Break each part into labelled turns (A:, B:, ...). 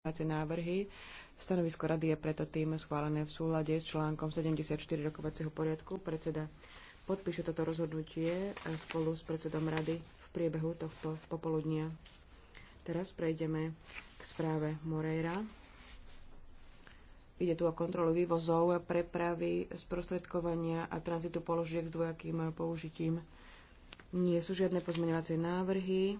A: pozmeňovacie návrhy. Stanovisko rady je preto tým schválené v súlade s článkom 74 rokovacieho poriadku. Predseda podpíše toto rozhodnutie spolu s predsedom rady v priebehu tohto popoludnia. Teraz prejdeme k správe Moreira. Ide tu o kontrolu vývozov, prepravy, sprostredkovania a tranzitu položiek s dvojakým použitím. Nie sú žiadne pozmeňovacie návrhy.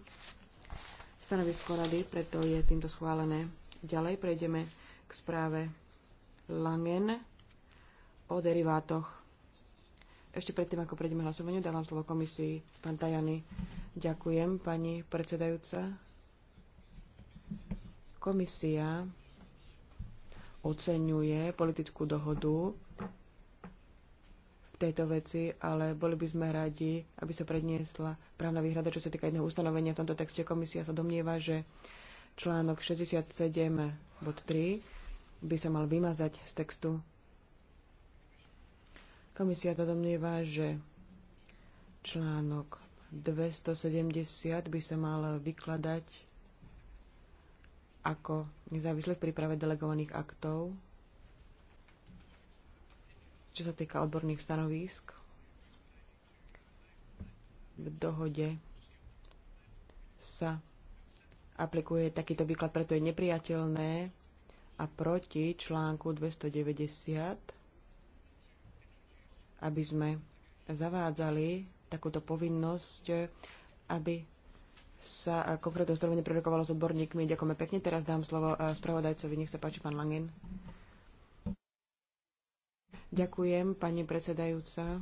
A: Stanovisko rady preto je týmto schválené. Ďalej prejdeme k správe Langen o derivátoch. Ešte predtým, ako prejdeme hlasovaniu, dávam slovo komisii. Pán Tajany, ďakujem, pani predsedajúca. Komisia oceňuje politickú dohodu v tejto veci, ale boli by sme radi, aby sa predniesla právna výhrada, čo sa týka jedného ustanovenia v tomto texte. Komisia sa domnieva, že Článok 67 bod 3 by sa mal vymazať z textu. Komisia to domnieva, že článok 270 by sa mal vykladať ako nezávisle v príprave delegovaných aktov, čo sa týka odborných stanovísk v dohode sa aplikuje takýto výklad, preto je nepriateľné a proti článku 290, aby sme zavádzali takúto povinnosť, aby sa konkrétne zdrojenie prerokovalo s odborníkmi. Ďakujeme pekne. Teraz dám slovo e, spravodajcovi. Nech sa páči, pán Langen. Ďakujem, pani predsedajúca.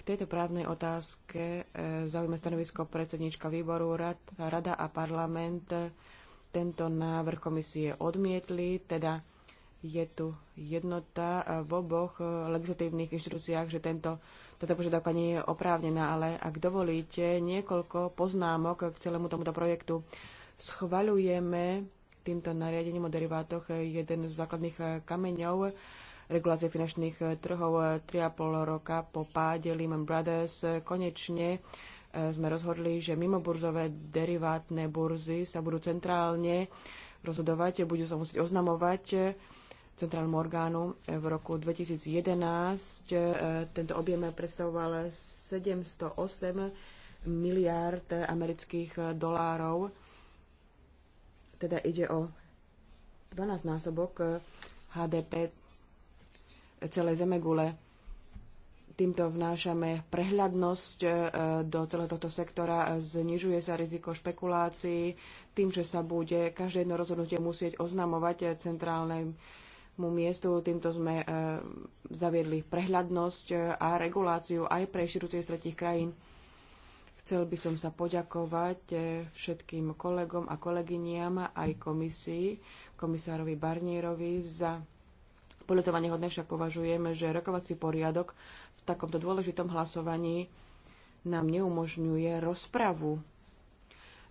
A: K tejto právnej otázke e, zaujíme stanovisko predsednička výboru rad, Rada a parlament. E, tento návrh komisie odmietli, teda je tu jednota e, v oboch legislatívnych inštitúciách, že tento, táto požiadavka nie je oprávnená, ale ak dovolíte niekoľko poznámok k celému tomuto projektu. Schvaľujeme týmto nariadením o derivátoch jeden z základných kameňov regulácie finančných e, trhov 3,5 e, roka po páde Lehman Brothers e, konečne sme rozhodli, že mimoburzové derivátne burzy sa budú centrálne rozhodovať, budú sa musieť oznamovať centrálnemu orgánu. V roku 2011 tento objem predstavoval 708 miliárd amerických dolárov. Teda ide o 12 násobok HDP celej zemegule. Týmto vnášame prehľadnosť e, do celého tohto sektora, znižuje sa riziko špekulácií tým, že sa bude každé jedno rozhodnutie musieť oznamovať centrálnemu miestu. Týmto sme e, zaviedli prehľadnosť e, a reguláciu aj pre inštitúcie z tretich krajín. Chcel by som sa poďakovať všetkým kolegom a kolegyniam aj komisii, komisárovi Barnierovi za Poľutovanie hodne však považujeme, že rokovací poriadok v takomto dôležitom hlasovaní nám neumožňuje rozpravu.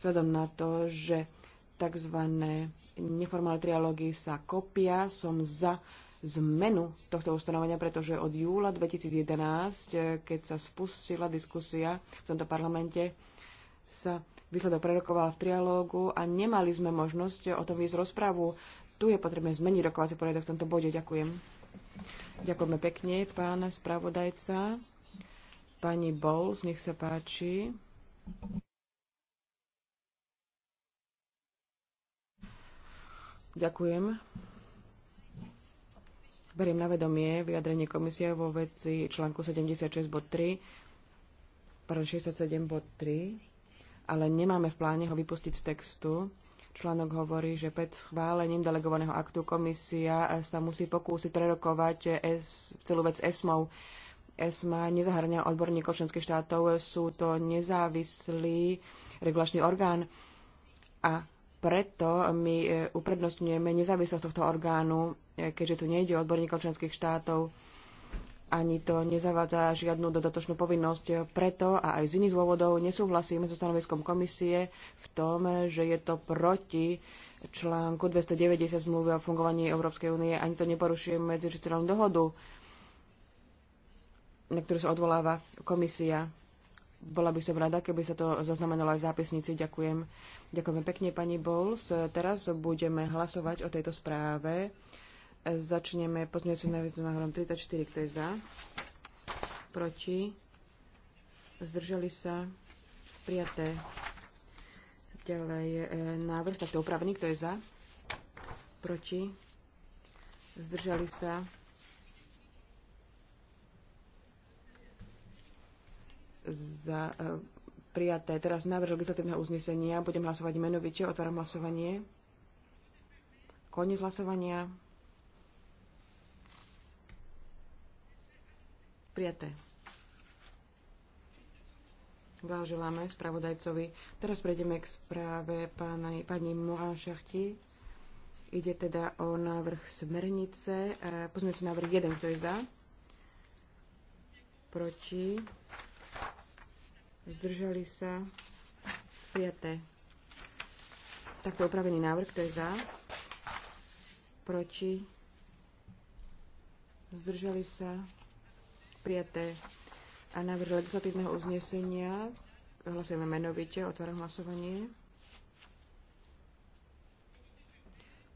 A: Vzhľadom na to, že tzv. neformálne trialógy sa kopia, som za zmenu tohto ustanovenia, pretože od júla 2011, eh, keď sa spustila diskusia v tomto parlamente, sa výsledok prerokoval v trialógu a nemali sme možnosť o tom ísť rozpravu tu je potrebné zmeniť rokovací poriadok v tomto bode. Ďakujem. Ďakujeme pekne, pán spravodajca. Pani Bowles, nech sa páči. Ďakujem. Beriem na vedomie vyjadrenie komisie vo veci článku 76 bod 3, pardon, 67 bod 3, ale nemáme v pláne ho vypustiť z textu Článok hovorí, že pred schválením delegovaného aktu komisia sa musí pokúsiť prerokovať S, celú vec ESMOV. ESMA nezahrňa odborníkov členských štátov, sú to nezávislý regulačný orgán a preto my e, uprednostňujeme nezávislosť tohto orgánu, e, keďže tu nejde o odborníkov členských štátov ani to nezavádza žiadnu dodatočnú povinnosť. Preto a aj z iných dôvodov nesúhlasíme so stanoviskom komisie v tom, že je to proti článku 290 zmluvy o fungovaní Európskej únie. Ani to neporušuje medzičiteľnú dohodu, na ktorú sa odvoláva komisia. Bola by som rada, keby sa to zaznamenalo aj v zápisnici. Ďakujem. Ďakujeme pekne, pani Bowles. Teraz budeme hlasovať o tejto správe. Začneme pozmeňujúcim návrhom návrhom 34, kto je za, proti, zdržali sa, prijaté. Ďalej e, návrh takto opravený, kto je za, proti, zdržali sa, za e, prijaté. Teraz návrh legislatívneho uznesenia. Budem hlasovať menovite. Otváram hlasovanie. Koniec hlasovania. Prijaté. Blahoželáme spravodajcovi. Teraz prejdeme k správe pána, pani Mohan Šachti. Ide teda o návrh smernice. E, Pozme si návrh 1, kto je za. Proti. Zdržali sa. Prijaté. Takto upravený návrh, kto je za. Proti. Zdržali sa prijaté. A návrh legislatívneho uznesenia hlasujeme menovite, otváram hlasovanie.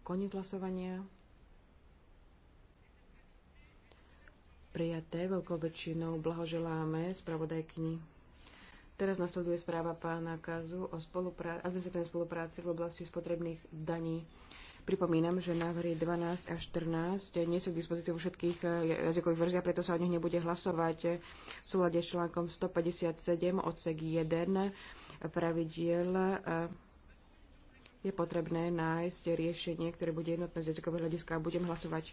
A: Koniec hlasovania. Prijaté veľkou väčšinou blahoželáme spravodajkyni. Teraz nasleduje správa pána Kazu o spolupra- spolupráci v oblasti spotrebných daní. Pripomínam, že návrhy 12 a 14 nie sú k dispozícii všetkých eh, jazykových verzií, preto sa o nich nebude hlasovať v súlade s článkom 157 odsek 1 pravidiel eh, je potrebné nájsť riešenie, ktoré bude jednotné z jazykového hľadiska a budem hlasovať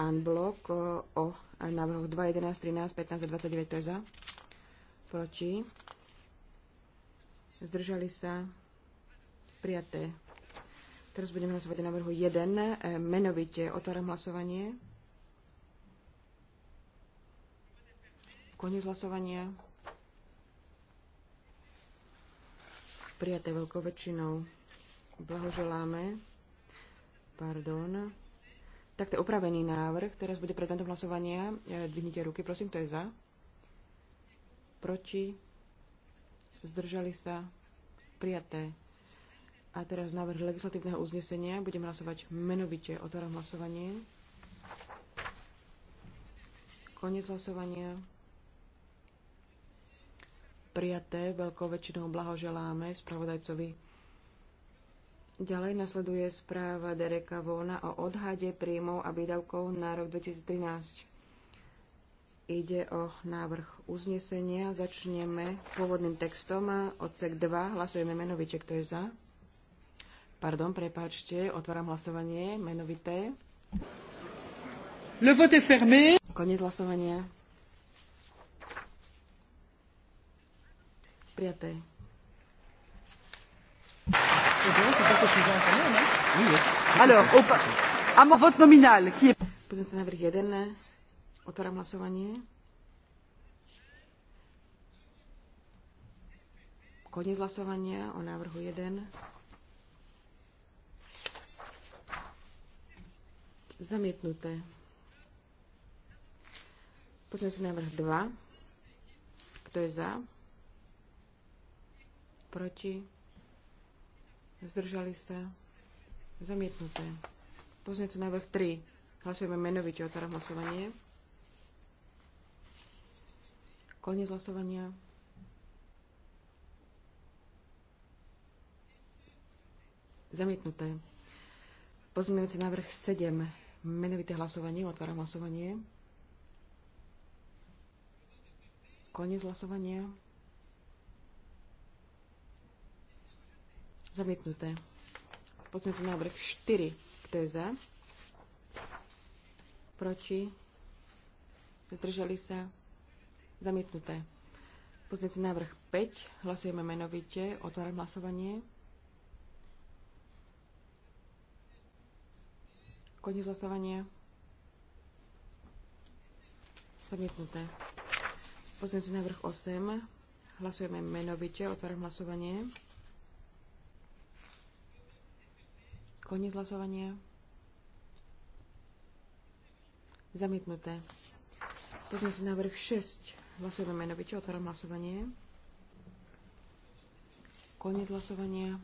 A: unblock eh, o návrhoch 2, 11, 13, 15 a 29. To je za. Proti. Zdržali sa. Prijaté. Teraz budeme hlasovať o návrhu 1. E, menovite otváram hlasovanie. Koniec hlasovania. Prijaté veľkou väčšinou. Blahoželáme. Pardon. Tak to je upravený návrh. Teraz bude predmetom hlasovania. E, dvihnite ruky, prosím, to je za. Proti. Zdržali sa. Prijaté a teraz návrh legislatívneho uznesenia. Budem hlasovať menovite. Otváram hlasovanie. Koniec hlasovania. Prijaté. Veľkou väčšinou blahoželáme spravodajcovi. Ďalej nasleduje správa Dereka Vona o odhade príjmov a výdavkov na rok 2013. Ide o návrh uznesenia. Začneme pôvodným textom. Odsek 2. Hlasujeme menovite. Kto je za? Pardon, prepáčte, otváram hlasovanie, menovité.
B: Le vote est fermé.
A: Koniec hlasovania. Prijaté. Alors, au, à mon vote nominal, qui est... Pozrite vrch 1. Otváram hlasovanie. Koniec hlasovania o návrhu 1. Zamietnuté. si návrh 2. Kto je za? Proti? Zdržali sa? Zamietnuté. si návrh 3. Hlasujeme menovite. Otváram hlasovanie. Koniec hlasovania. Zamietnuté. Pozmeňujúci návrh 7. Menovité hlasovanie, otváram hlasovanie. Koniec hlasovania. Zamietnuté. sa návrh 4. Kto je za? Proti? Zdržali sa? Zamietnuté. Pozmeňujúci návrh 5. Hlasujeme menovite. Otváram hlasovanie. Koniec hlasovania. Zamietnuté. si návrh 8. Hlasujeme menovite. Otváram hlasovanie. Koniec hlasovania. Zamietnuté. si návrh 6. Hlasujeme menovite. Otváram hlasovanie. Koniec hlasovania.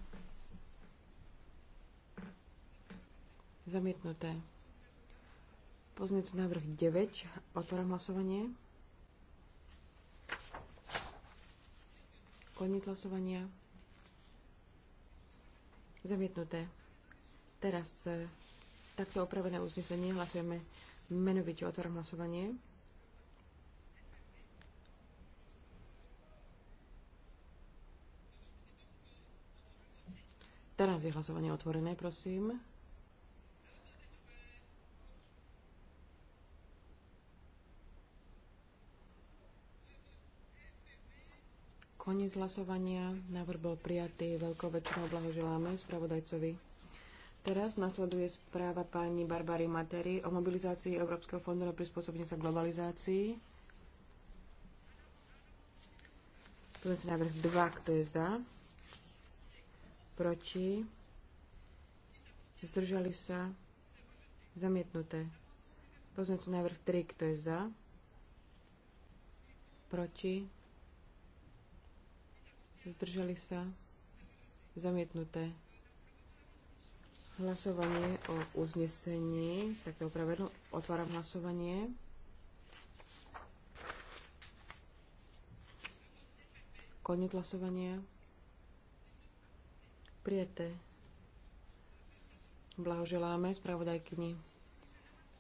A: Zamietnuté. Poznec návrh 9. Otváram hlasovanie. Koniec hlasovania. Zamietnuté. Teraz e, takto opravené uznesenie hlasujeme menovite. Otváram hlasovanie. Teraz je hlasovanie otvorené, prosím. Koniec hlasovania. Návrh bol prijatý veľkou väčšinou. Blahoželáme spravodajcovi. Teraz nasleduje správa pani Barbary Materi o mobilizácii Európskeho fondu na prispôsobenie sa globalizácii. Pozrite návrh 2, kto je za. Proti. Zdržali sa. Zamietnuté. Pozrite návrh 3, kto je za. Proti zdržali sa, zamietnuté. Hlasovanie o uznesení, takto opravedlno, otváram hlasovanie. Koniec hlasovania. Prijete. Blahoželáme spravodajkyni.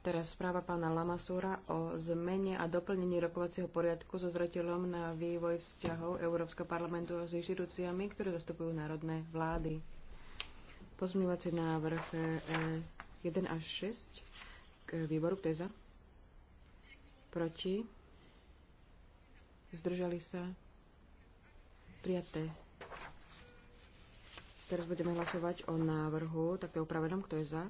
A: Teraz správa pána Lamasúra o zmene a doplnení rokovacieho poriadku so zreteľom na vývoj vzťahov Európskeho parlamentu s inštitúciami, ktoré zastupujú národné vlády. Pozmývací návrh 1 eh, až 6 k výboru, kto je za? Proti? Zdržali sa? Prijaté. Teraz budeme hlasovať o návrhu takto upravenom, kto je za?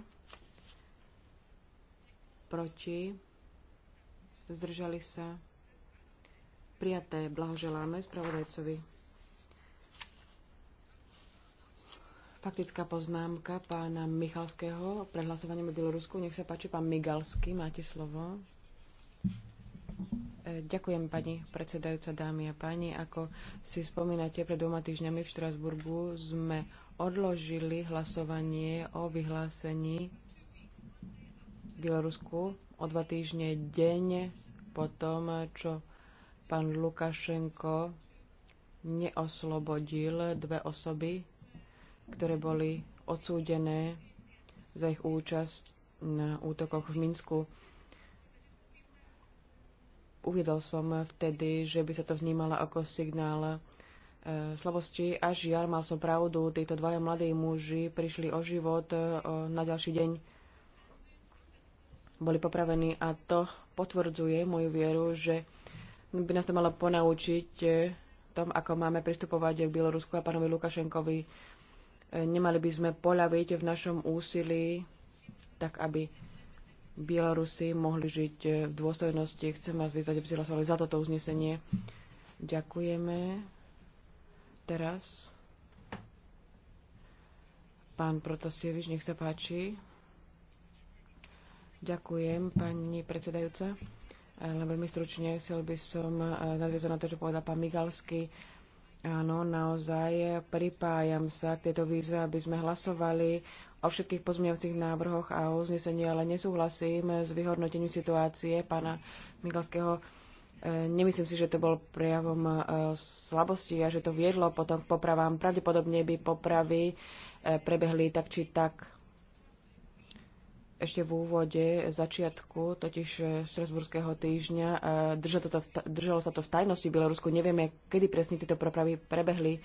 A: proti, zdržali sa, prijaté. Blahoželáme spravodajcovi. Faktická poznámka pána Michalského pred hlasovaním o Bielorusku. Nech sa páči, pán Migalský, máte slovo. E, ďakujem, pani predsedajúca, dámy a páni. Ako si spomínate, pred dvoma týždňami v Štrasburgu sme odložili hlasovanie o vyhlásení Bielorusku o dva týždne deň po tom, čo pán Lukašenko neoslobodil dve osoby, ktoré boli odsúdené za ich účasť na útokoch v Minsku. Uviedol som vtedy, že by sa to vnímalo ako signál e, slabosti a žiaľ, mal som pravdu, títo dvaja mladí muži prišli o život e, na ďalší deň boli popravení a to potvrdzuje moju vieru, že by nás to malo ponaučiť eh, tom, ako máme pristupovať k Bielorusku a pánovi Lukašenkovi. Eh, nemali by sme poľaviť v našom úsilí, tak aby Bielorusi mohli žiť eh, v dôstojnosti. Chcem vás vyzvať, aby si hlasovali za toto uznesenie. Ďakujeme. Teraz pán Protasievič, nech sa páči. Ďakujem, pani predsedajúca. Len veľmi stručne chcel by som eh, nadviazať na to, čo povedal pán Migalsky. Áno, naozaj pripájam sa k tejto výzve, aby sme hlasovali o všetkých pozmeňovacích návrhoch a uznesení, ale nesúhlasím s vyhodnotením situácie pána Migalského. Eh, nemyslím si, že to bol prejavom eh, slabosti a že to viedlo potom k popravám. Pravdepodobne by popravy prebehli tak či tak ešte v úvode e, začiatku, totiž e, Štrasburského týždňa, e, držalo, to, držalo sa to v tajnosti v Bielorusku. Nevieme, kedy presne tieto prepravy prebehli.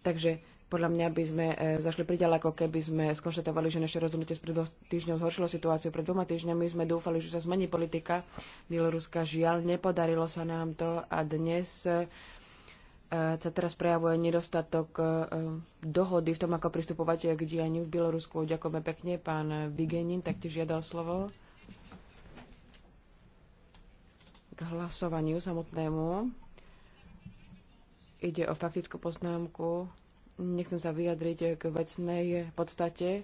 A: Takže podľa mňa by sme zašli priďaleko, keby sme skonštatovali, že naše rozhodnutie pred dvoch týždňov zhoršilo situáciu. Pred dvoma týždňami sme dúfali, že sa zmení politika Bieloruska. Žiaľ, nepodarilo sa nám to a dnes E, sa teraz prejavuje nedostatok e, e, dohody v tom, ako pristupovať k dianiu v Bielorusku. Ďakujeme pekne. Pán Vigenin taktiež žiadal slovo k hlasovaniu samotnému. Ide o faktickú poznámku. Nechcem sa vyjadriť k vecnej podstate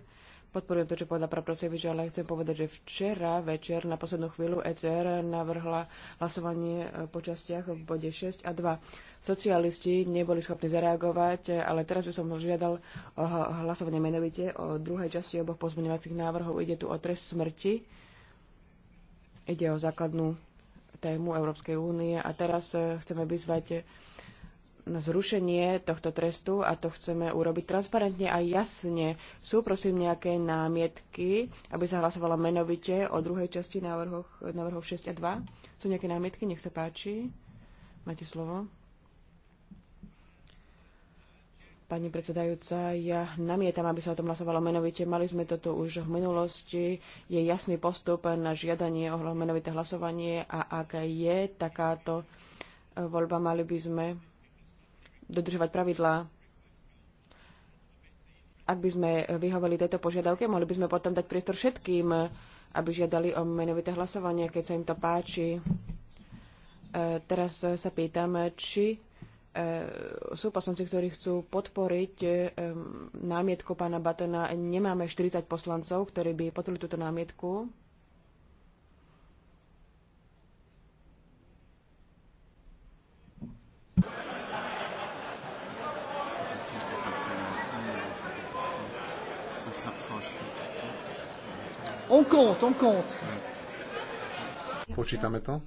A: Podporujem to, čo povedal Praprosevič, ale chcem povedať, že včera večer na poslednú chvíľu ECR navrhla hlasovanie e, po častiach v bode 6 a 2. Socialisti neboli schopní zareagovať, ale teraz by som žiadal o e, hlasovanie menovite o druhej časti oboch pozmeňovacích návrhov. Ide tu o trest smrti, ide o základnú tému Európskej únie a teraz e, chceme vyzvať zrušenie tohto trestu a to chceme urobiť transparentne a jasne. Sú prosím nejaké námietky, aby sa hlasovalo menovite o druhej časti návrhoch, návrhoch 6 a 2? Sú nejaké námietky? Nech sa páči. Máte slovo. Pani predsedajúca, ja namietam, aby sa o tom hlasovalo menovite. Mali sme toto už v minulosti. Je jasný postup na žiadanie o menovité hlasovanie a ak je takáto voľba, mali by sme dodržovať pravidlá. Ak by sme vyhovali tejto požiadavke, mohli by sme potom dať priestor všetkým, aby žiadali o menovité hlasovanie, keď sa im to páči. E, teraz sa pýtam, či e, sú poslanci, ktorí chcú podporiť e, námietku pána Batona. Nemáme 40 poslancov, ktorí by podporili túto námietku.
B: On compte, on compte. Počítame to?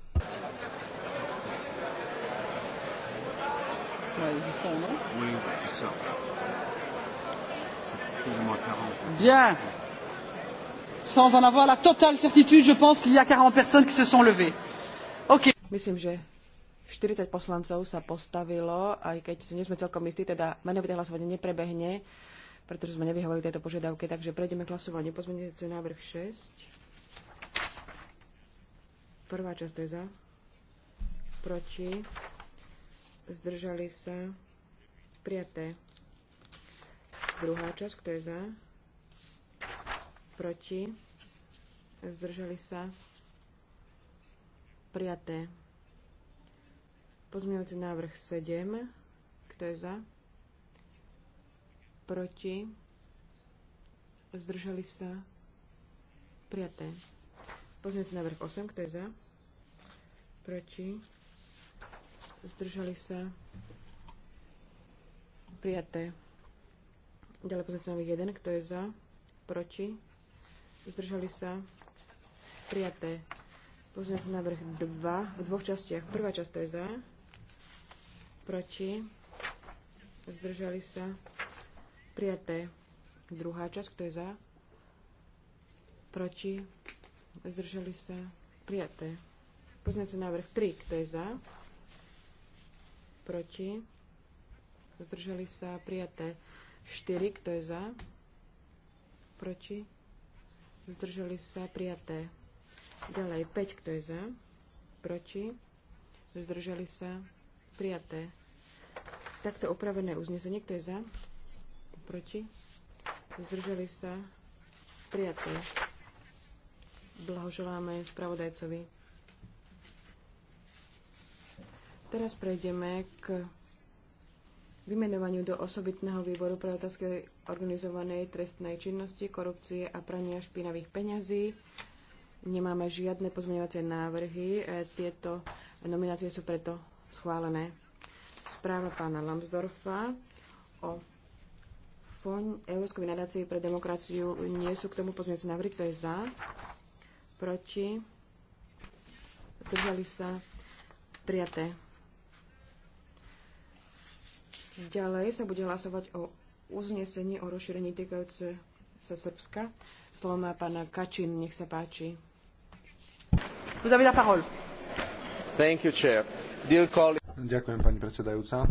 A: Bien. Sans en avoir la totale certitude, je pense qu'il y a 40 personnes qui se sont levées. OK. Myslím, že 40 poslancov sa postavilo, aj keď nie sme celkom istí, teda menovité hlasovanie neprebehne pretože sme nevyhovali tejto požiadavke. Takže prejdeme k hlasovaniu. Pozmeňujúci návrh 6. Prvá časť je za. Proti. Zdržali sa. Prijaté. Druhá časť, kto je za? Proti. Zdržali sa. Prijaté. Pozmeňujúci návrh 7. Kto je za? proti, zdržali sa, prijaté. na vrch 8, kto je za, proti, zdržali sa, prijaté. Ďalej na vrch 1, kto je za, proti, zdržali sa, prijaté. na vrch 2 v dvoch častiach. Prvá časť to je za, proti, zdržali sa, Prijaté. Druhá časť, kto je za? Proti? Zdržali sa? Prijaté. Poznací návrh 3, kto je za? Proti? Zdržali sa? Prijaté. 4, kto je za? Proti? Zdržali sa? Prijaté. Ďalej 5, kto je za? Proti? Zdržali sa? Prijaté. Takto upravené uznesenie, kto je za? Proti? proti, zdržali sa, prijaté. Blahoželáme spravodajcovi. Teraz prejdeme k vymenovaniu do osobitného výboru pre otázky organizovanej trestnej činnosti, korupcie a prania špinavých peňazí. Nemáme žiadne pozmeňovacie návrhy. E, tieto nominácie sú preto schválené. Správa pána Lambsdorfa o Fond Európskej nadácie pre demokraciu nie sú k tomu pozmeňujúce návrhy. Kto je za? Proti? Zdržali sa? Prijaté. Ďalej sa bude hlasovať o uznesení o rozšírení týkajúce sa Srbska. Slovo má pána Kačin, nech sa páči.
B: Vous avez la parole. Thank you, chair. Ďakujem, pani predsedajúca.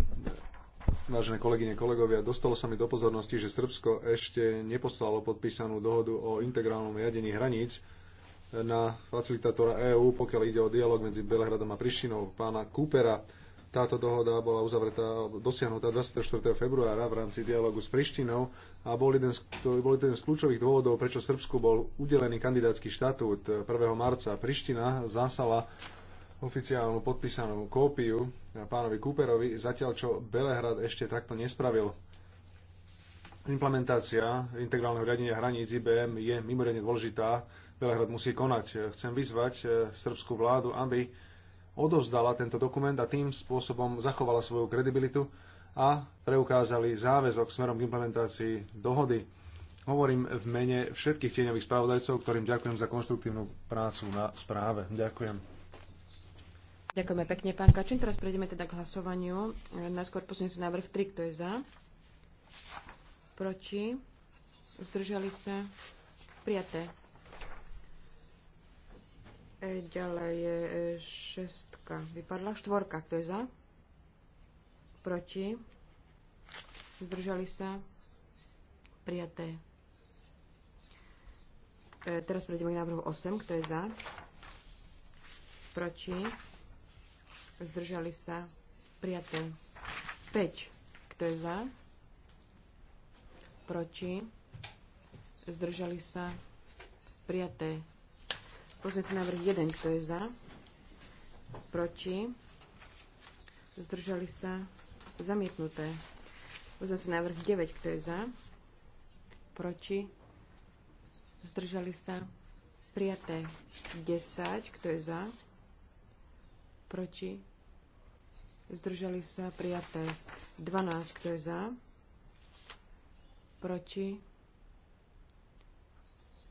B: Vážené kolegyne, kolegovia, dostalo sa mi do pozornosti, že Srbsko ešte neposlalo podpísanú dohodu o integrálnom riadení hraníc na facilitátora EÚ, pokiaľ ide o dialog medzi Belehradom a Prištinou, pána Kúpera, Táto dohoda bola uzavretá, dosiahnutá 24. februára v rámci dialogu s Prištinou a bol jeden z, to bol jeden z kľúčových dôvodov, prečo Srbsku bol udelený kandidátsky štatút 1. marca. Priština zásala oficiálnu podpísanú kópiu pánovi Cooperovi, zatiaľ čo Belehrad ešte takto nespravil. Implementácia integrálneho riadenia hraníc IBM je mimoriadne dôležitá. Belehrad musí konať. Chcem vyzvať eh, srbskú vládu, aby odovzdala tento dokument a tým spôsobom zachovala svoju kredibilitu a preukázali záväzok smerom k implementácii dohody. Hovorím v mene všetkých tieňových spravodajcov, ktorým ďakujem za konštruktívnu prácu na správe. Ďakujem.
A: Ďakujeme pekne, pán Kačin. Teraz prejdeme teda k hlasovaniu. E, Najskôr sa návrh 3, kto je za? Proti? Zdržali sa? Prijaté. E, ďalej je e, šestka. Vypadla štvorka. Kto je za? Proti? Zdržali sa? Prijaté. Teraz prejdeme k návrhu 8. Kto je za? Proti? zdržali sa, prijaté. 5. Kto je za? Proti? Zdržali sa? Prijaté. Pozrite návrh 1. Kto je za? Proti? Zdržali sa? Zamietnuté. Pozrite návrh 9. Kto je za? Proti? Zdržali sa? Prijaté. 10. Kto je za? Proti? zdržali sa prijaté 12, kto je za, proti,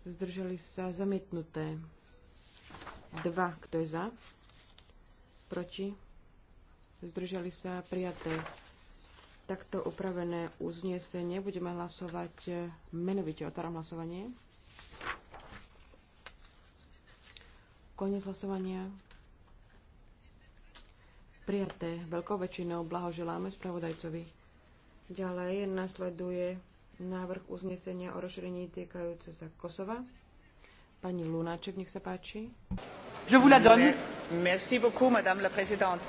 A: zdržali sa zamietnuté 2, kto je za, proti, zdržali sa prijaté takto upravené uznesenie. Budeme hlasovať e, menovite. Otváram hlasovanie. Konec hlasovania prijaté veľkou väčšinou. Blahoželáme spravodajcovi. Ďalej nasleduje návrh uznesenia o rozšírení týkajúce sa Kosova. Pani Lunáček, nech sa páči. Je vous la donne. Merci beaucoup, madame la présidente.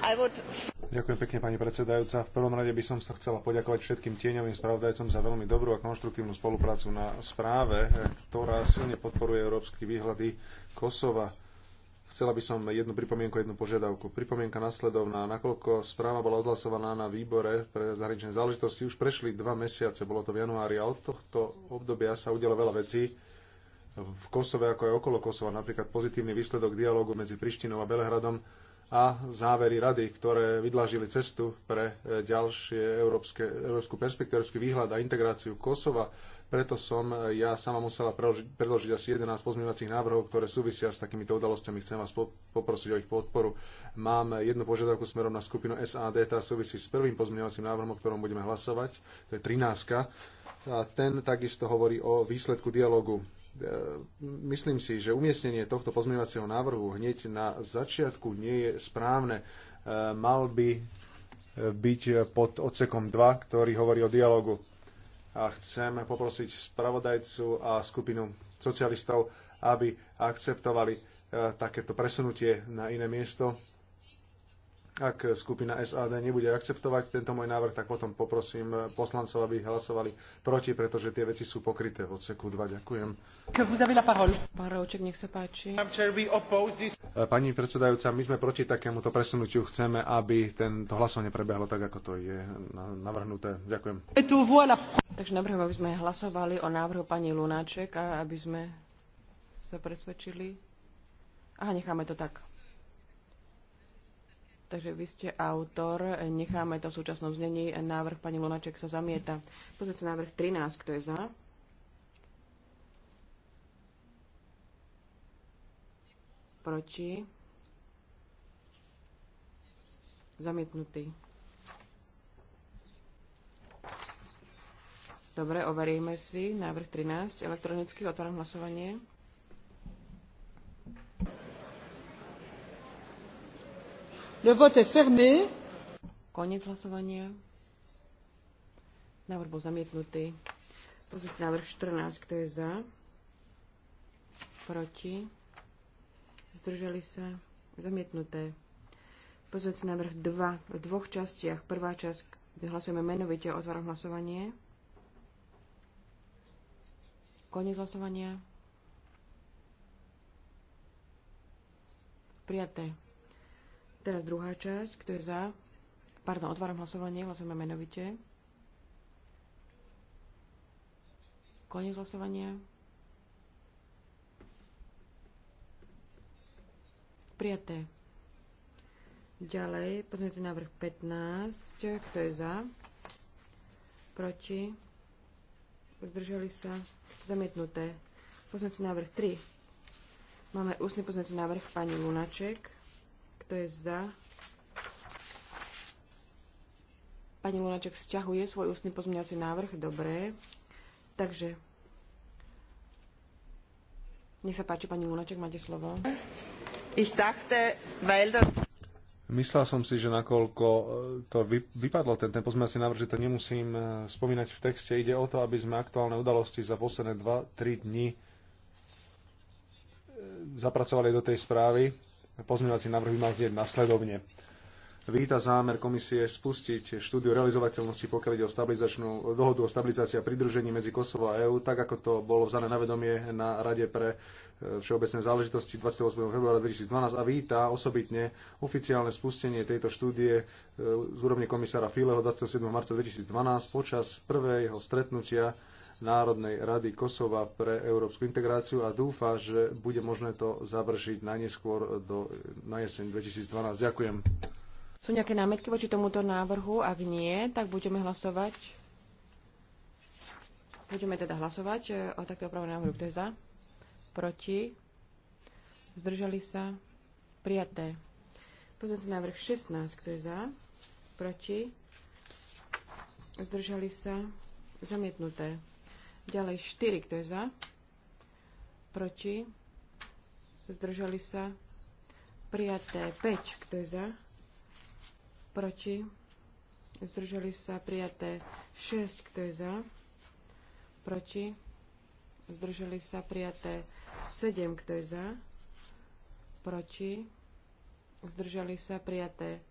A: I would...
B: Ďakujem pekne, pani predsedajúca. V prvom rade by som sa chcela poďakovať všetkým tieňovým spravodajcom za veľmi dobrú a konštruktívnu spoluprácu na správe, ktorá silne podporuje európsky výhľady Kosova Chcela by som jednu pripomienku, jednu požiadavku. Pripomienka nasledovná. Nakoľko správa bola odhlasovaná na výbore pre zahraničné záležitosti, už prešli dva mesiace, bolo to v januári a od tohto obdobia sa udelo veľa vecí v Kosove ako aj okolo Kosova. Napríklad pozitívny výsledok dialogu medzi Prištinou a Belehradom a závery rady, ktoré vydlažili cestu pre ďalšie európske, európsku perspektívu, výhľad a integráciu Kosova preto som e, ja sama musela predložiť asi 11 pozmeňovacích návrhov, ktoré súvisia s takýmito udalosťami. Chcem vás poprosiť o ich podporu. Mám jednu požiadavku smerom na skupinu SAD, tá súvisí s prvým pozmeňovacím návrhom, o ktorom budeme hlasovať. To je 13. A ten takisto hovorí o výsledku dialogu e, myslím si, že umiestnenie tohto pozmeňovacieho návrhu hneď na začiatku nie je správne. E, mal by byť pod odsekom 2, ktorý hovorí o dialogu a chcem poprosiť spravodajcu a skupinu socialistov, aby akceptovali eh, takéto presunutie na iné miesto ak skupina SAD nebude akceptovať tento môj návrh, tak potom poprosím poslancov, aby hlasovali proti, pretože tie veci sú pokryté v odseku 2. Ďakujem.
A: Pán Rauček, nech sa páči. E,
B: pani predsedajúca, my sme proti takémuto presunutiu. Chceme, aby to hlasovanie prebehlo tak, ako to je navrhnuté. Ďakujem.
A: Takže navrhujem, aby sme hlasovali o návrhu pani Lunáček a aby sme sa presvedčili. Aha, necháme to tak. Takže vy ste autor, necháme to v súčasnom znení. Návrh pani Lunaček sa zamieta. Pozrite návrh 13, kto je za? Proti? Zamietnutý. Dobre, overíme si návrh 13. Elektronicky otváram hlasovanie. Le Koniec hlasovania. Návrh bol zamietnutý. si návrh 14, kto je za? Proti? Zdržali sa? Zamietnuté. si návrh 2 v dvoch častiach. Prvá časť, kde hlasujeme menovite, otváram hlasovanie. Koniec hlasovania. Prijaté. Teraz druhá časť, kto je za? Pardon, otváram hlasovanie, hlasujeme menovite. Koniec hlasovania. Prijaté. Ďalej, pozmeňujúci návrh 15. Kto je za? Proti? Zdržali sa? Zamietnuté. Pozmeňujúci návrh 3. Máme ústny pozmeňujúci návrh pani Lunaček. Kto je za? Pani Lunaček sťahuje svoj ústny pozmeňovací návrh. Dobre. Takže nech sa páči, pani Lunaček, máte slovo. Ich dachte, weil das...
B: Myslel som si, že nakoľko e, to vypadlo, ten, ten pozmeňací návrh, že to nemusím e, spomínať v texte. Ide o to, aby sme aktuálne udalosti za posledné 2-3 dni e, zapracovali do tej správy pozmeňovací návrh by mal znieť nasledovne. Víta zámer komisie spustiť štúdiu realizovateľnosti, pokiaľ ide o stabilizačnú dohodu o stabilizácii a pridružení medzi Kosovo a EÚ, tak ako to bolo vzané na vedomie na Rade pre e, všeobecné záležitosti 28. februára 2012 a víta osobitne oficiálne spustenie tejto štúdie e, z úrovne komisára Fileho 27. marca 2012 počas prvého stretnutia Národnej rady Kosova pre európsku integráciu a dúfa, že bude možné to završiť najneskôr do, na jeseň 2012. Ďakujem.
A: Sú nejaké námetky voči tomuto návrhu? Ak nie, tak budeme hlasovať. Budeme teda hlasovať e, o takto opravenom návrhu. Kto je za? Proti? Zdržali sa? Prijaté. Pozrite návrh 16. Kto je za? Proti? Zdržali sa? Zamietnuté. Ďalej 4, kto je za? Proti? Zdržali sa? Prijaté 5, kto je za? Proti? Zdržali sa? Prijaté 6, kto je za? Proti? Zdržali sa? Prijaté 7, kto je za? Proti? Zdržali sa? Prijaté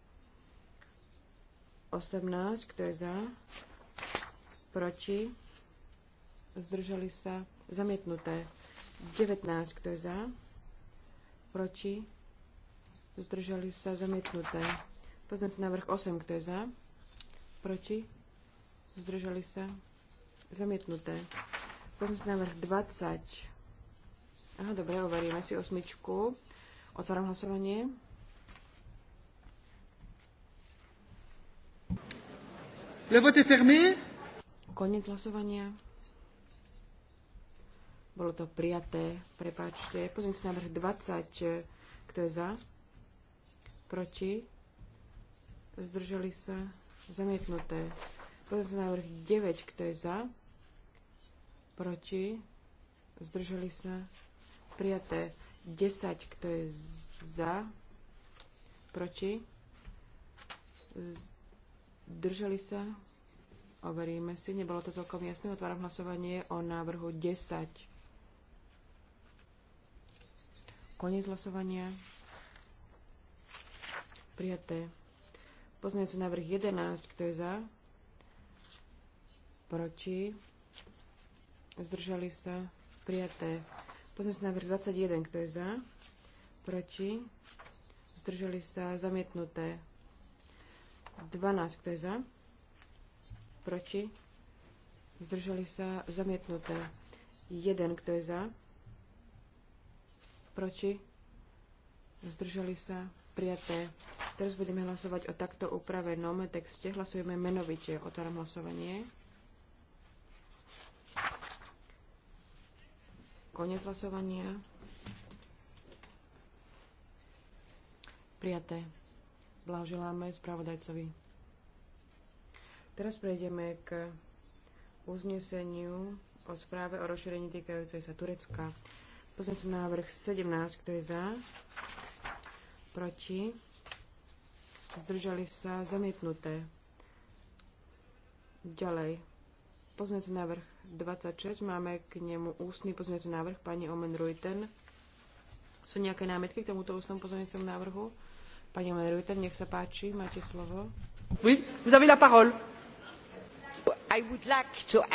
A: 18, kto je za? Proti? zdržali sa, zamietnuté. 19, kto je za, proti, zdržali sa, zamietnuté. Poznací návrh 8, kto je za, proti, zdržali sa, zamietnuté. Poznací návrh 20. Aha, dobre, hovoríme si osmičku. Otváram hlasovanie. Le vote est fermé. Koniec hlasovania. Bolo to prijaté, prepáčte. si návrh 20. Kto je za? Proti? Zdržali sa? Zamietnuté. si návrh 9. Kto je za? Proti? Zdržali sa? Prijaté. 10. Kto je za? Proti? Zdržali sa? Overíme si. Nebolo to celkom jasné. Otváram hlasovanie o návrhu 10. Koniec hlasovania. Prijaté. Poznajúci návrh 11. Kto je za? Proti? Zdržali sa? Prijaté. Poznajúci návrh 21. Kto je za? Proti? Zdržali sa? Zamietnuté. 12. Kto je za? Proti? Zdržali sa? Zamietnuté. 1. Kto je za? proti, zdržali sa, prijaté. Teraz budeme hlasovať o takto upravenom texte. Hlasujeme menovite. Otváram hlasovanie. Konec hlasovania. Prijaté. Blahoželáme spravodajcovi. Teraz prejdeme k uzneseniu o správe o rozšírení týkajúcej sa Turecka. Pozrite návrh 17, kto je za, proti, zdržali sa, zamietnuté. Ďalej. Pozmeňujúci návrh 26, máme k nemu ústny pozmeňujúci návrh pani Omen Ruiten. Sú nejaké námetky k tomuto ústnom pozmeňujúcemu návrhu? Pani Omen Ruiten, nech sa páči, máte slovo. Oui, vous avez la parole. I would like to...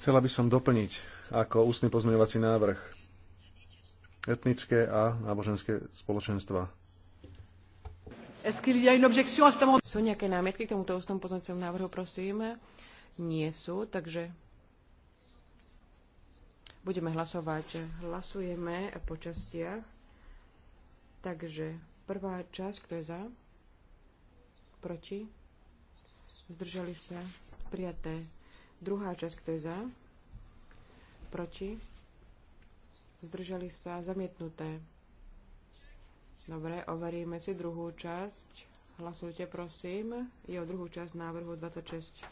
B: Chcela by som doplniť ako ústny pozmeňovací návrh etnické a náboženské spoločenstva.
A: Sú nejaké námietky k tomuto ústnom pozornicom návrhu, prosím? Nie sú, takže budeme hlasovať. Hlasujeme po častiach. Takže prvá časť, kto je za? Proti? Zdržali sa? Prijaté. Druhá časť, kto je za? Proti? zdržali sa zamietnuté. Dobre, overíme si druhú časť. Hlasujte prosím. Je o druhú časť návrhu 26.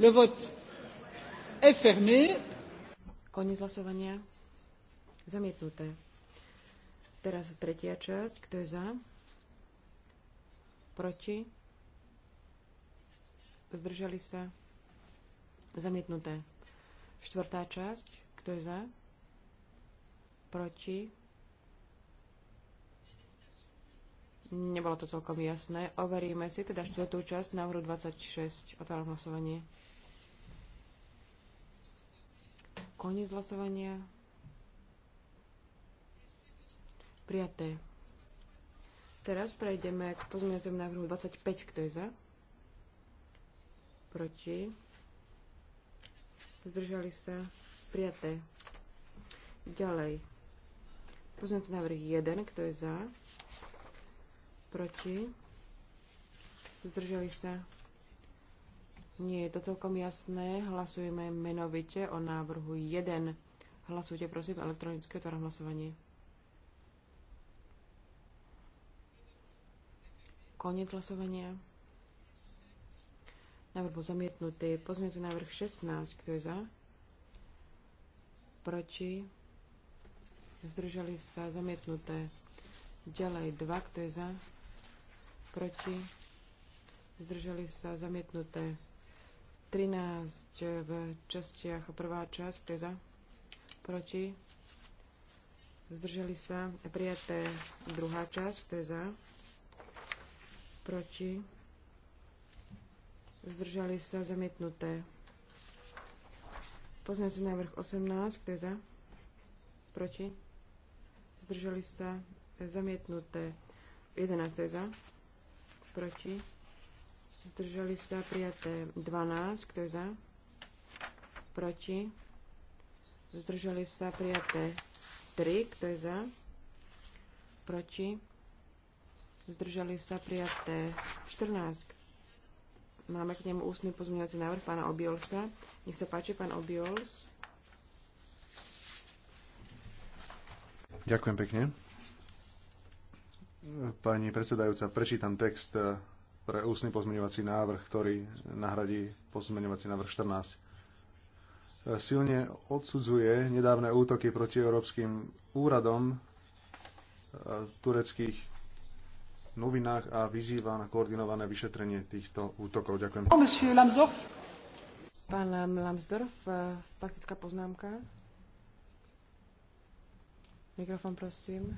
A: Le vote
B: est fermé.
A: Koniec hlasovania. Zamietnuté. Teraz tretia časť. Kto je za? Proti? Zdržali sa? Zamietnuté. Štvrtá časť. Kto je za? proti. Nebolo to celkom jasné. Overíme si teda štvrtú časť návrhu 26. Otváram hlasovanie. Koniec hlasovania. Prijaté. Teraz prejdeme k na návrhu 25. Kto je za? Proti. Zdržali sa. Prijaté. Ďalej. Pozmeňujúci návrh 1, kto je za? Proti? Zdržali sa? Nie je to celkom jasné. Hlasujeme menovite o návrhu 1. Hlasujte prosím elektronické otváram hlasovanie. Koniec hlasovania. Návrh bol zamietnutý. Pozmeňujúci návrh 16, kto je za? Proti? zdržali sa zamietnuté. Ďalej 2, kto je za, proti, zdržali sa zamietnuté. 13 v častiach, prvá časť, kto je za, proti, zdržali sa prijaté druhá časť, kto je za, proti, zdržali sa zamietnuté. Poznáte návrh 18, kto je za? Proti? zdržali sa, zamietnuté. 11 je za, proti, zdržali sa, prijaté 12, kto je za, proti, zdržali sa, prijaté 3, kto je za, proti, zdržali sa, prijaté 14. Máme k nemu ústny pozmeňovací návrh pána Obiolsa. Nech sa páči, pán Obiols.
B: Ďakujem pekne. Pani predsedajúca, prečítam text eh, pre ústny pozmeňovací návrh, ktorý nahradí pozmeňovací návrh 14. Eh, silne odsudzuje nedávne útoky proti európskym úradom v eh, tureckých novinách a vyzýva na koordinované vyšetrenie týchto útokov. Ďakujem.
A: Pán Lambsdorff, faktická poznámka. Mikrofón, prosím.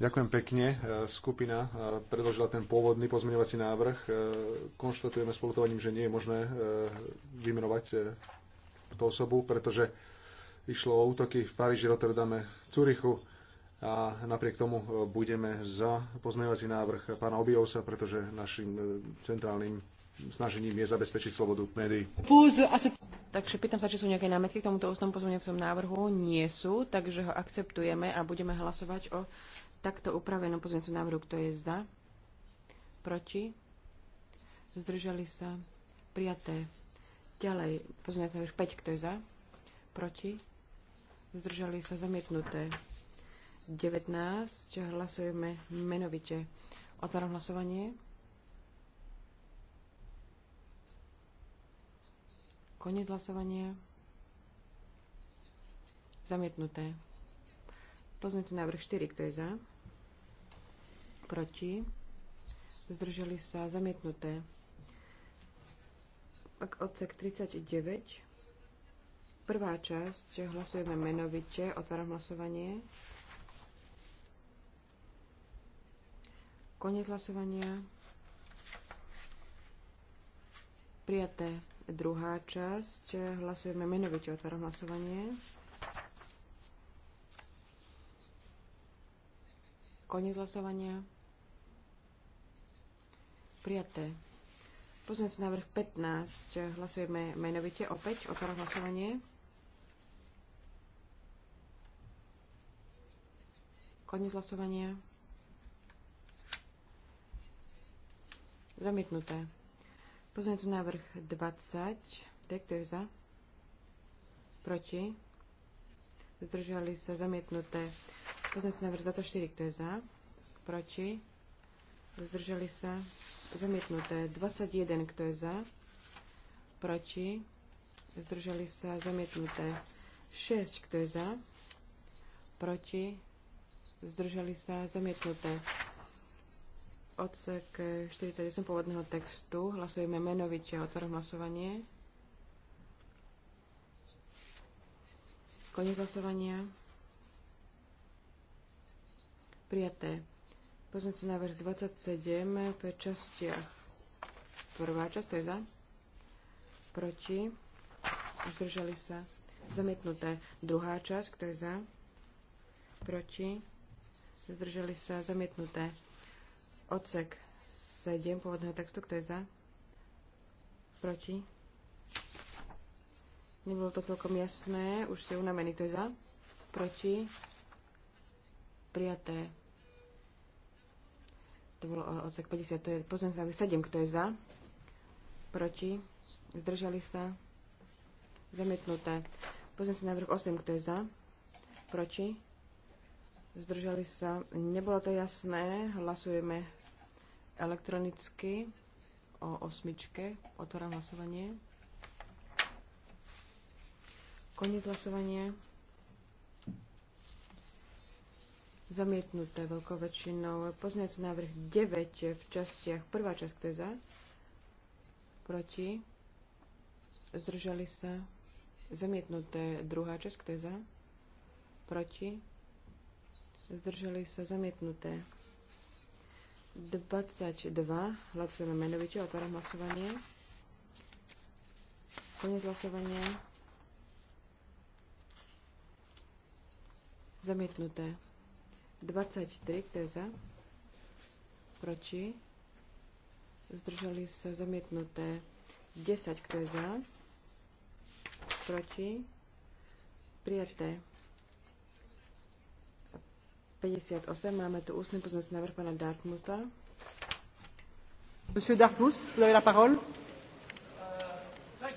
B: Ďakujem pekne. E, skupina e, predložila ten pôvodný pozmeňovací návrh. E, konštatujeme spolutovaním, že nie je možné vymenovať túto osobu, pretože išlo o útoky v Paríži, Rotterdame, Curichu a napriek tomu budeme za pozmeňovací návrh pána Obiovsa, pretože našim centrálnym snažením je zabezpečiť slobodu médií.
A: Takže pýtam sa, či sú nejaké námetky k tomuto ústnom pozmeňovacom návrhu. Nie sú, takže ho akceptujeme a budeme hlasovať o takto upravenom pozmeňovacom návrhu. Kto je za? Proti? Zdržali sa? Prijaté. Ďalej, pozmeňovací návrh 5. Kto je za? Proti? Zdržali sa? Zamietnuté. 19. Hlasujeme menovite. Otváram hlasovanie. Konec hlasovania. Zamietnuté. Poznáte návrh 4, kto je za? Proti? Zdržali sa zamietnuté. Ak odsek 39, prvá časť, hlasujeme menovite, otváram hlasovanie. Konec hlasovania. Prijaté Druhá časť. Hlasujeme menovite. tvarom hlasovanie. Koniec hlasovania. Prijaté. Pozmeňujúci návrh 15. Hlasujeme menovite. Opäť tvarom hlasovanie. Koniec hlasovania. Zamietnuté. Pozmeňujúci návrh 20. T, kto je za? Proti? Zdržali sa zamietnuté. Pozmeňujúci návrh 24. Kto je za? Proti? Zdržali sa zamietnuté. 21. Kto je za? Proti? Zdržali sa zamietnuté. 6. Kto je za? Proti? Zdržali sa zamietnuté odsek 48 pôvodného textu. Hlasujeme menovite. Otváram hlasovanie. Koniec hlasovania. Prijaté. Poznací návrh 27 v častiach. Prvá časť, to je za. Proti. Zdržali sa. Zamietnuté. Druhá časť, kto je za. Proti. Zdržali sa. Zamietnuté. Odsek 7 pôvodného textu, kto je za? Proti? Nebolo to celkom jasné, už ste unamení, kto je za? Proti? Prijaté. To bolo eh, odsek 50, to je pozornosť 7, kto je za? Proti? Zdržali sa? Zamietnuté. Pozornosť návrh 8, kto je za? Proti? Zdržali sa. Nebolo to jasné. Hlasujeme elektronicky o osmičke. Otváram hlasovanie. Koniec hlasovania. Zamietnuté veľkou väčšinou. Pozmeňujúci návrh 9 v častiach. Prvá časť, kto je za? Proti? Zdržali sa? Zamietnuté druhá časť, kto je za? Proti? Zdržali sa zamietnuté. 22. Hlasujeme menovite. Otváram hlasovanie. Koniec hlasovania. Zamietnuté. 23. Kto je za? Proti? Zdržali sa zamietnuté. 10. Kto je za? Proti? Prijaté. 58. Máme tu ústny pozornosť návrh pana Dartmuta. Monsieur Dartmus, vous avez la parole. Uh,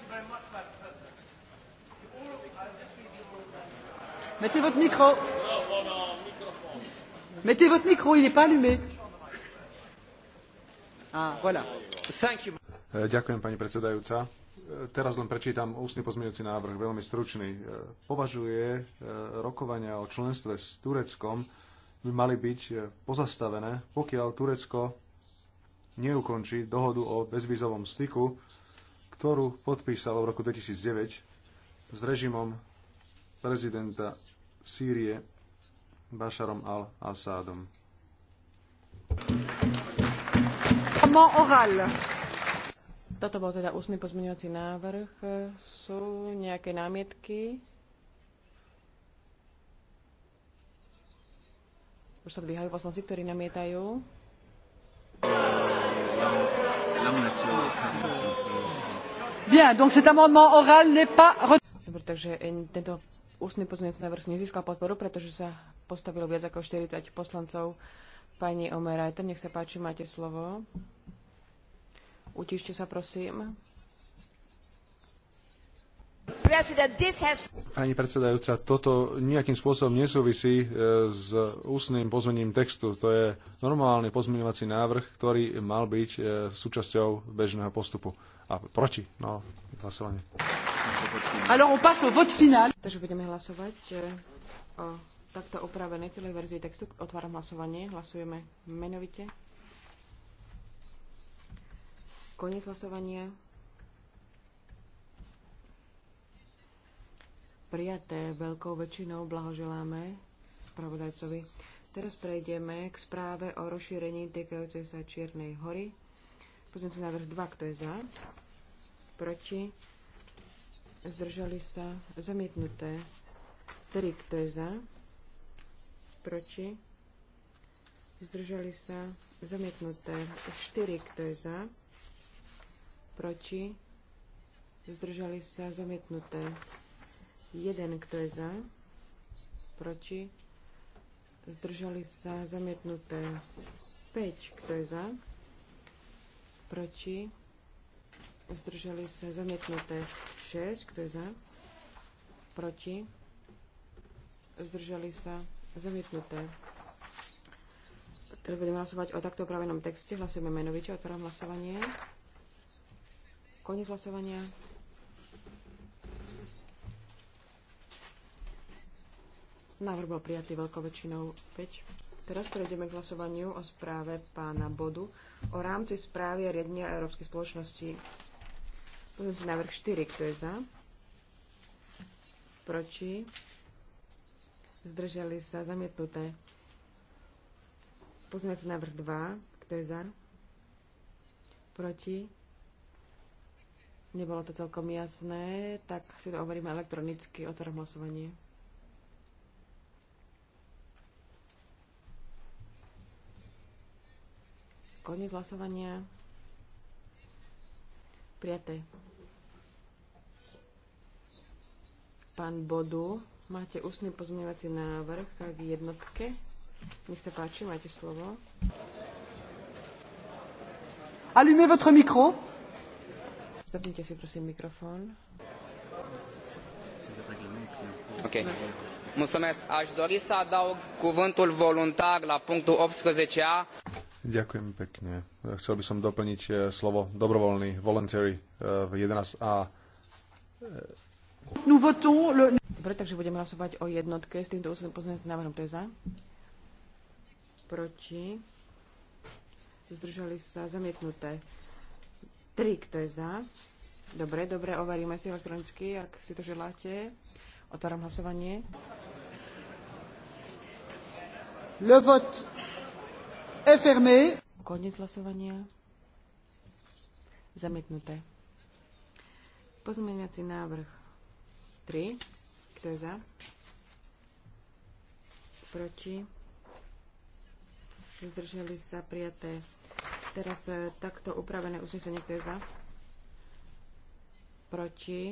B: Mettez votre micro. Mettez votre micro, il n'est pas
A: allumé. Ah, voilà.
B: Eh, ďakujem, pani predsedajúca teraz len prečítam ústny pozmeňujúci návrh, veľmi stručný. E, považuje e, rokovania o členstve s Tureckom by mali byť e, pozastavené, pokiaľ Turecko neukončí dohodu o bezvízovom styku, ktorú podpísalo v roku 2009 s režimom prezidenta Sýrie Basharom al-Assadom.
A: oral. Toto bol teda ústny pozmeňovací návrh. Sú nejaké námietky? Už sa dvíhajú poslanci, ktorí namietajú. Bien, donc cet amendement oral n'est pas... Dobre, takže tento ústny pozmeňovací návrh nezískal podporu, pretože sa postavilo viac ako 40 poslancov. Pani Omerajter, nech sa páči, máte slovo. Utište sa, prosím.
B: Pani predsedajúca, toto nejakým spôsobom nesúvisí e, s ústnym pozmením textu. To je normálny pozmeňovací návrh, ktorý mal byť e, súčasťou bežného postupu. A proti, no, hlasovanie.
A: Takže budeme hlasovať e, o takto opravenej celej verzii textu. Otváram hlasovanie. Hlasujeme menovite. Koniec hlasovania. Prijaté veľkou väčšinou blahoželáme spravodajcovi. Teraz prejdeme k správe o rozšírení týkajúcej sa Čiernej hory. Pozriem sa návrh 2, kto je za. Proti. Zdržali sa. Zamietnuté. 3, kto je za. Proti. Zdržali sa. Zamietnuté. 4, kto je za proti, zdržali sa zamietnuté. 1, kto je za, proti, zdržali sa zamietnuté. 5, kto je za, proti, zdržali sa zamietnuté. 6, kto je za, proti, zdržali sa zamietnuté. Teraz budeme hlasovať o takto opravenom texte. Hlasujeme menovite. Otváram hlasovanie. Koniec hlasovania. Návrh bol prijatý veľkou väčšinou 5. Teraz prejdeme k hlasovaniu o správe pána Bodu o rámci správy a riadenia Európskej spoločnosti. Pozrieme si návrh 4, kto je za. Proti. Zdržali sa zamietnuté. si návrh 2, kto je za. Proti nebolo to celkom jasné, tak si to overíme elektronicky, otvorím hlasovanie. Koniec hlasovania. Prijaté. Pán Bodu, máte ústny pozmeňovací návrh k jednotke. Nech sa páči, máte slovo.
B: Allumez votre micro.
A: Zapnite si prosím mikrofón. Ok. Mulțumesc. Aș dori să adaug cuvântul voluntar la punctul 18a.
B: Ďakujem pekne. Chcel by som doplniť eh, slovo dobrovoľný, voluntary eh, v 11a. Eh,
A: Dobre, takže budeme hlasovať o jednotke s týmto úsledným pozmeňovacím návrhom. To je za? Proti? Zdržali sa zamietnuté. 3, kto je za? Dobre, dobre, overíme si elektronicky, ak si to želáte. Otváram hlasovanie. Le vote est fermé. Koniec hlasovania. Zamietnuté. Pozmeňovací návrh 3. Kto je za? Proti? Zdržali sa prijaté Teraz e, takto upravené uznesenie, kto je za? Proti?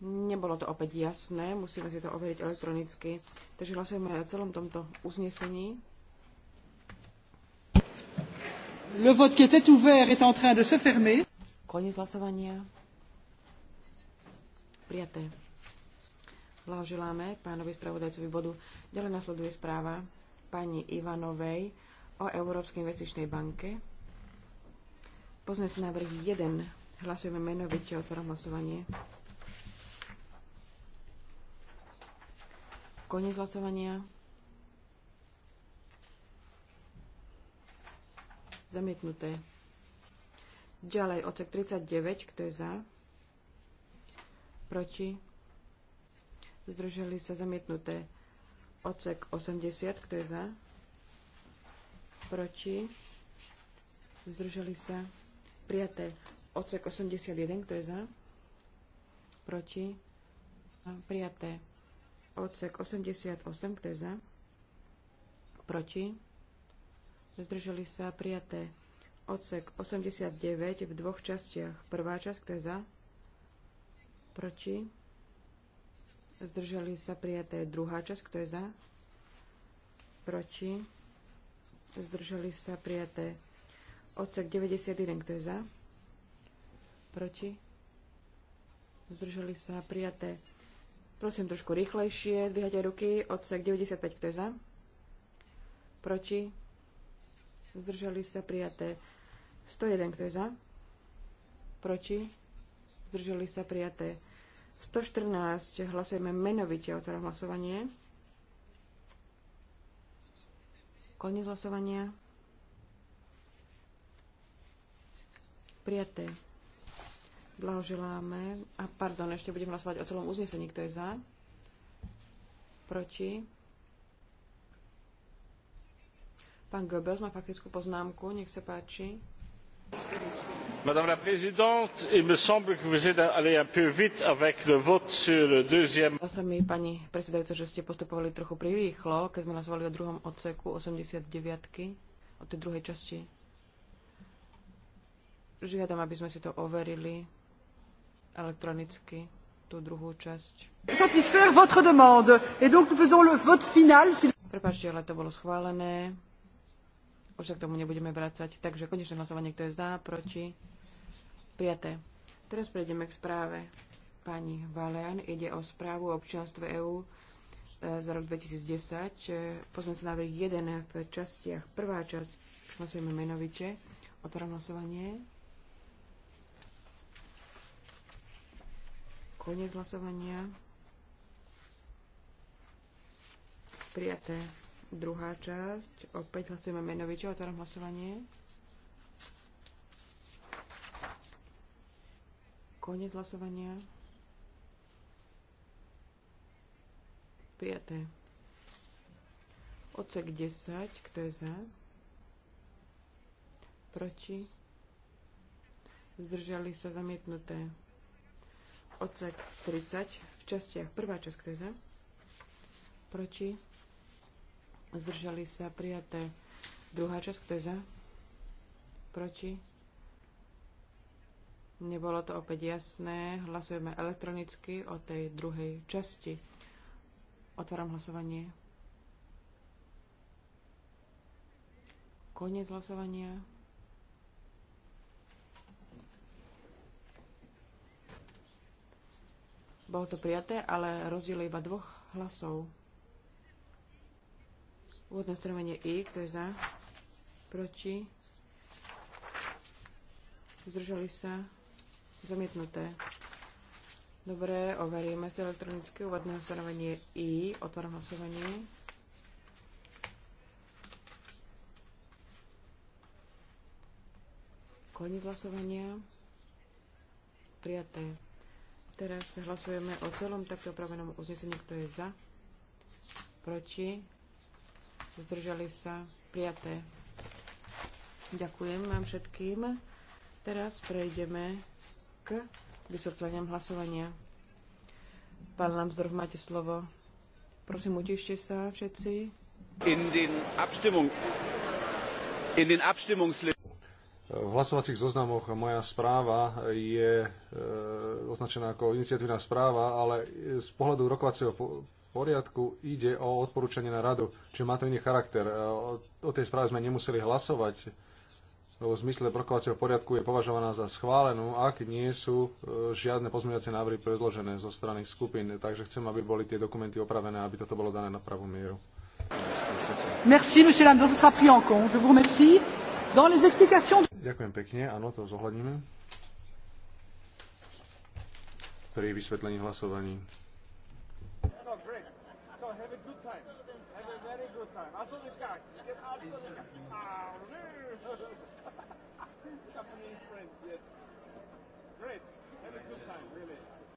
A: Nebolo to opäť jasné, musíme si to overiť elektronicky. Takže hlasujeme aj o celom tomto uznesení.
B: Le vote qui était ouvert est en train de se fermer.
A: Koniec hlasovania. Prijaté. Blahoželáme pánovi spravodajcovi bodu. Ďalej nasleduje správa pani Ivanovej o Európskej investičnej banke. Poznať návrh 1. Hlasujeme menovite o celom hlasovanie. Koniec hlasovania. Zamietnuté. Ďalej, odsek 39, kto je za? Proti? Zdržali sa zamietnuté. Odsek 80, kto je za? proti, zdržali sa, prijaté. Odsek 81, kto je za, proti, prijaté. Odsek 88, kto je za, proti, zdržali sa, prijaté. Odsek 89 v dvoch častiach. Prvá časť, kto je za, proti, zdržali sa, prijaté. Druhá časť, kto je za, proti, zdržali sa prijaté. Odsek 91, kto je za? Proti? Zdržali sa prijaté. Prosím trošku rýchlejšie, dvíhajte ruky. Odsek 95, kto je za? Proti? Zdržali sa prijaté. 101, kto je za? Proti? Zdržali sa prijaté. 114, hlasujeme menovite, otváram hlasovanie. Koniec hlasovania. Prijaté. Blahoželáme. A pardon, ešte budem hlasovať o celom uznesení. Kto je za? Proti? Pán Goebbels má faktickú poznámku. Nech sa páči. Madame la présidente, il me semble que vous êtes allée un peu vite avec le vote sur le deuxième. Sa mi, pani predsedajúca, že ste postupovali trochu prirýchlo, keď sme hlasovali o druhom odseku 89 o tej druhej časti. Žiadam, aby sme si to overili elektronicky, tú druhú časť. Satisfaire votre demande. Et donc nous faisons le vote final. Prepačte, ale to bolo schválené. Už sa k tomu nebudeme vracať. Takže konečné hlasovanie, kto je za, proti. Prijaté. Teraz prejdeme k správe pani Valean. Ide o správu o občianstve EÚ e, za rok 2010. sa e, návrh 1 v častiach. Prvá časť hlasujeme menovite. Otváram hlasovanie. Koniec hlasovania. Prijaté Druhá časť. Opäť hlasujeme menovite. Otváram hlasovanie. Koniec hlasovania. Prijaté. Ocek 10. Kto je za? Proti? Zdržali sa zamietnuté. Ocek 30. V častiach. Prvá časť. Kto je za? Proti? Zdržali sa prijaté. Druhá časť, kto je za? Proti? Nebolo to opäť jasné. Hlasujeme elektronicky o tej druhej časti. Otváram hlasovanie. Koniec hlasovania. Bolo to prijaté, ale rozdiel iba dvoch hlasov. Úvodné ustanovenie I, kto je za? Proti? Zdržali sa? Zamietnuté. Dobre, overíme si elektronické úvodné ustanovenie I. Otváram hlasovanie. Koniec hlasovania. Prijaté. Teraz hlasujeme o celom takto opravenom uznesení, kto je za, proti, zdržali sa, prijaté. Ďakujem vám všetkým. Teraz prejdeme k vysvetleniam hlasovania. Pán Lambsdorff, máte slovo. Prosím, utište sa všetci.
B: In den Abstimmung, in den v hlasovacích zoznamoch moja správa je e, označená ako iniciatívna správa, ale z pohľadu rokovacieho poriadku, ide o odporúčanie na radu, čiže má to iný charakter. E, o, o tej správe sme nemuseli hlasovať, lebo v zmysle prokovacieho poriadku je považovaná za schválenú, ak nie sú e, žiadne pozmeňovacie návrhy predložené zo strany skupín. Takže chcem, aby boli tie dokumenty opravené, aby toto bolo dané na pravú mieru. Merci, monsieur Lambert, vous sera pris en compte. Je vous remercie. Dans les explications... Ďakujem pekne, áno, to zohľadíme. pri vysvetlení hlasovaní. time. I saw this guy. Japanese friends,
A: yes. Great.